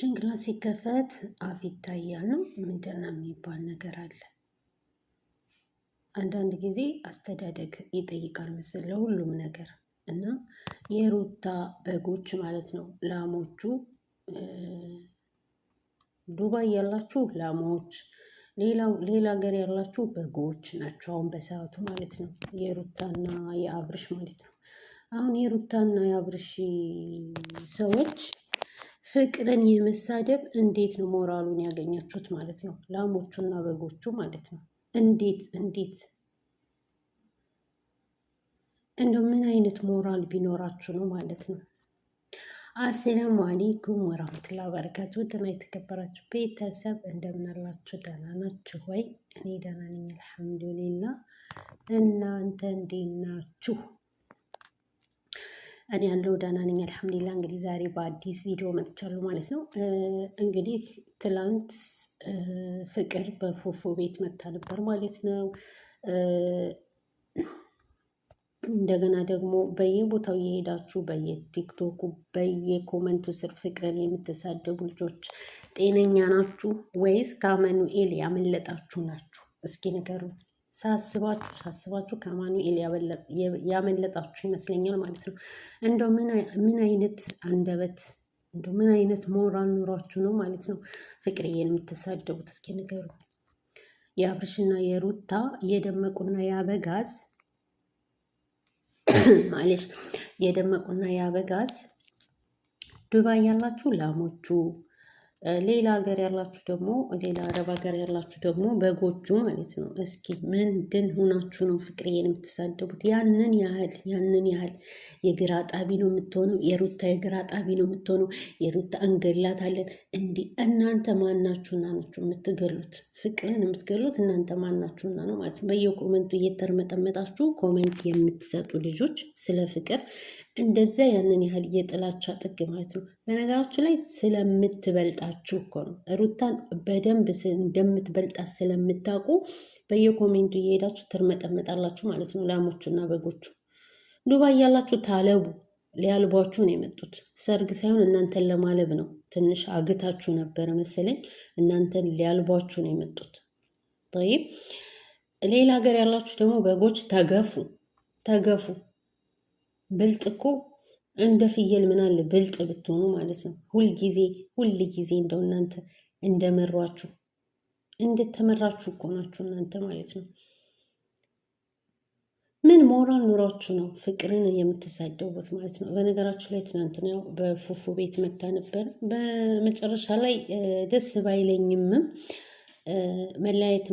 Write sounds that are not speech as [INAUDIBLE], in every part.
ጭንቅላት ሲከፈት አፍ ይታያል ነው ምንድን ነው የሚባል ነገር አለ። አንዳንድ ጊዜ አስተዳደግ ይጠይቃል ምስል ለሁሉም ነገር እና የሩታ በጎች ማለት ነው ላሞቹ ዱባይ ያላችሁ ላሞች፣ ሌላ ሀገር ያላችሁ በጎች ናቸው። አሁን በሰዓቱ ማለት ነው የሩታና የአብርሽ ማለት ነው። አሁን የሩታና የአብርሽ ሰዎች ፍቅርን የመሳደብ እንዴት ነው ሞራሉን ያገኛችሁት ማለት ነው? ላሞቹና በጎቹ ማለት ነው። እንዴት እንዴት እንደ ምን አይነት ሞራል ቢኖራችሁ ነው ማለት ነው? አሰላሙ አሌይኩም ወራህመቱላሂ ወበረካቱ። ደህና የተከበራችሁ ቤተሰብ እንደምናላችሁ ደህና ናችሁ ወይ? እኔ ደህና ነኝ አልሐምዱሊላ። እናንተ እንዴት ናችሁ? እኔ ያለው ደህና ነኝ፣ አልሐምዱሊላህ። እንግዲህ ዛሬ በአዲስ ቪዲዮ መጥቻለሁ ማለት ነው። እንግዲህ ትላንት ፍቅር በፉፉ ቤት መታ ነበር ማለት ነው። እንደገና ደግሞ በየቦታው የሄዳችሁ በየቲክቶኩ በየኮመንቱ ስር ፍቅርን የምትሳደቡ ልጆች ጤነኛ ናችሁ ወይስ ከአመኑኤል ያመለጣችሁ ናችሁ? እስኪ ንገሩኝ። ሳስባችሁ ሳስባችሁ ከአማኑኤል ያመለጣችሁ ይመስለኛል ማለት ነው። እንደው ምን አይነት አንደበት እንደው ምን አይነት ሞራል ኑሯችሁ ነው ማለት ነው ፍቅርዬን የምትሳደቡት? እስኪ ንገሩ። የአብርሽና የሩታ የደመቁና የአበጋዝ [COUGHS] ማለሽ የደመቁና የአበጋዝ ዱባይ ያላችሁ ላሞቹ ሌላ ሀገር ያላችሁ ደግሞ ሌላ አረብ ሀገር ያላችሁ ደግሞ በጎጁ ማለት ነው። እስኪ ምንድን ሆናችሁ ነው ፍቅርዬን የምትሳደቡት? ያንን ያህል ያንን ያህል የግራ ጣቢ ነው የምትሆነው። የሩታ የግራ ጣቢ ነው የምትሆነው። የሩታ እንገላታለን። እንዲህ እናንተ ማናችሁና ናችሁ የምትገሉት? ፍቅርን የምትገሉት እናንተ ማናችሁና ነው ማለት ነው። በየኮመንቱ እየተርመጠመጣችሁ ኮመንት የምትሰጡ ልጆች ስለ ፍቅር እንደዚያ ያንን ያህል የጥላቻ ጥግ ማለት ነው። በነገራችሁ ላይ ስለምትበልጣችሁ እኮ ነው ሩታን በደንብ እንደምትበልጣት ስለምታውቁ በየኮሜንቱ እየሄዳችሁ ትርመጠመጣላችሁ ማለት ነው። ላሞቹ እና በጎቹ ዱባይ ያላችሁ ታለቡ ሊያልቧችሁ ነው የመጡት። ሰርግ ሳይሆን እናንተን ለማለብ ነው። ትንሽ አግታችሁ ነበረ መሰለኝ። እናንተን ሊያልቧችሁ ነው የመጡት። ሌላ ሀገር ያላችሁ ደግሞ በጎች ተገፉ ተገፉ። ብልጥ እኮ እንደ ፍየል ምናለ ብልጥ ብትሆኑ ማለት ነው። ሁልጊዜ ሁልጊዜ እንደው እናንተ እንደመሯችሁ እንደተመራችሁ እኮ ናችሁ እናንተ ማለት ነው። ምን ሞራል ኑሯችሁ ነው ፍቅርን የምትሳደቡት ማለት ነው? በነገራችሁ ላይ ትናንትና በፉፉ ቤት መታ ነበር። በመጨረሻ ላይ ደስ ባይለኝምም መለያየት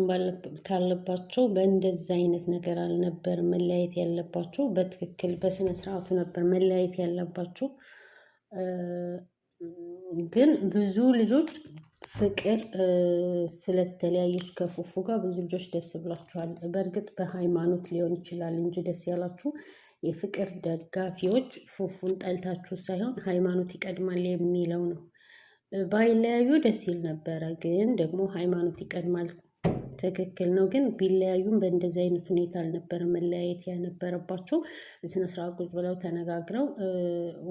ካለባቸው በእንደዚ አይነት ነገር አልነበር መለያየት ያለባቸው። በትክክል በስነ ስርዓቱ ነበር መለያየት ያለባቸው። ግን ብዙ ልጆች ፍቅር ስለተለያየች ከፉፉ ጋር ብዙ ልጆች ደስ ብላችኋል። በእርግጥ በሃይማኖት ሊሆን ይችላል እንጂ ደስ ያላችሁ የፍቅር ደጋፊዎች ፉፉን ጠልታችሁ ሳይሆን ሃይማኖት ይቀድማል የሚለው ነው። ባይለያዩ ደስ ይል ነበረ። ግን ደግሞ ሃይማኖት ይቀድማል ትክክል ነው። ግን ቢለያዩም በእንደዚህ አይነት ሁኔታ አልነበረ መለያየት ያነበረባቸው። ስነስርዓት ቁጭ ብለው ተነጋግረው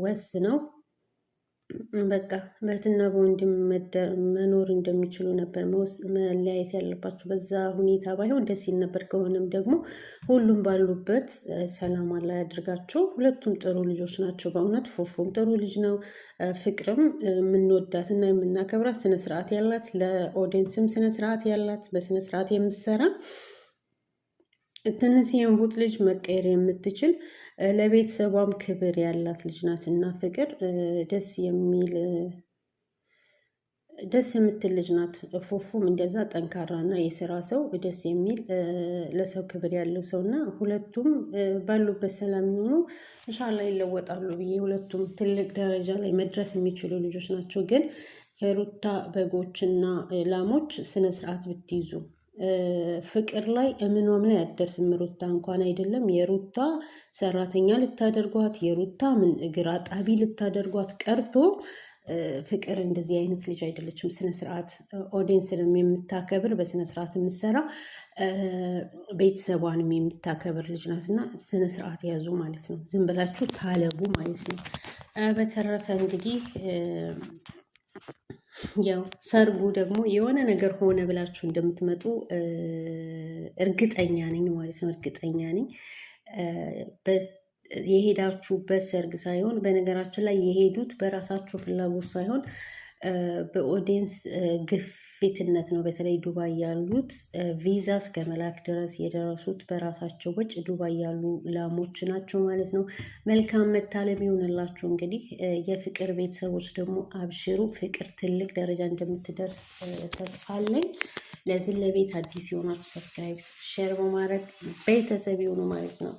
ወስነው በቃ በእህትና በወንድም መኖር እንደሚችሉ ነበር መለያየት ያለባቸው። በዛ ሁኔታ ባይሆን ደስ ይል ነበር። ከሆነም ደግሞ ሁሉም ባሉበት ሰላም ላይ ያድርጋቸው። ሁለቱም ጥሩ ልጆች ናቸው። በእውነት ፎፎም ጥሩ ልጅ ነው። ፍቅርም የምንወዳት እና የምናከብራት ስነስርዓት ያላት፣ ለኦዲየንስም ስነስርዓት ያላት፣ በስነስርዓት የምትሰራ ትንስ የንቡት ልጅ መቀየር የምትችል ለቤተሰቧም ክብር ያላት ልጅ ናት እና ፍቅር ደስ የሚል ደስ የምትል ልጅ ናት። ፉፉም እንደዛ ጠንካራና የስራ ሰው ደስ የሚል ለሰው ክብር ያለው ሰው እና ሁለቱም ባሉበት ሰላም የሆኑ እንሻላ ይለወጣሉ ብዬ ሁለቱም ትልቅ ደረጃ ላይ መድረስ የሚችሉ ልጆች ናቸው። ግን ሩታ በጎችና ላሞች ስነስርዓት ብትይዙ ፍቅር ላይ እምኗም ላይ አደርስም። ሩታ እንኳን አይደለም የሩታ ሰራተኛ ልታደርጓት የሩታ ምን እግር አጣቢ ልታደርጓት ቀርቶ ፍቅር እንደዚህ አይነት ልጅ አይደለችም። ስነስርዓት ኦዲየንስንም የምታከብር በስነስርዓት የምትሰራ ቤተሰቧንም የምታከብር ልጅ ናት እና ስነስርዓት ያዙ ማለት ነው። ዝም ብላችሁ ታለቡ ማለት ነው። በተረፈ እንግዲህ ያው ሰርጉ ደግሞ የሆነ ነገር ሆነ ብላችሁ እንደምትመጡ እርግጠኛ ነኝ ማለት ነው። እርግጠኛ ነኝ የሄዳችሁበት ሰርግ ሳይሆን፣ በነገራችን ላይ የሄዱት በራሳችሁ ፍላጎት ሳይሆን በኦዲየንስ ግፊትነት ነው። በተለይ ዱባይ ያሉት ቪዛ እስከ መላክ ድረስ የደረሱት በራሳቸው ወጭ ዱባይ ያሉ ላሞች ናቸው ማለት ነው። መልካም መታለም ይሆንላችሁ። እንግዲህ የፍቅር ቤተሰቦች ደግሞ አብሽሩ፣ ፍቅር ትልቅ ደረጃ እንደምትደርስ ተስፋ አለኝ። ለዚህ ለቤት አዲስ የሆናችሁ ሰብስክራይብ፣ ሼር በማድረግ ቤተሰብ የሆኑ ማለት ነው።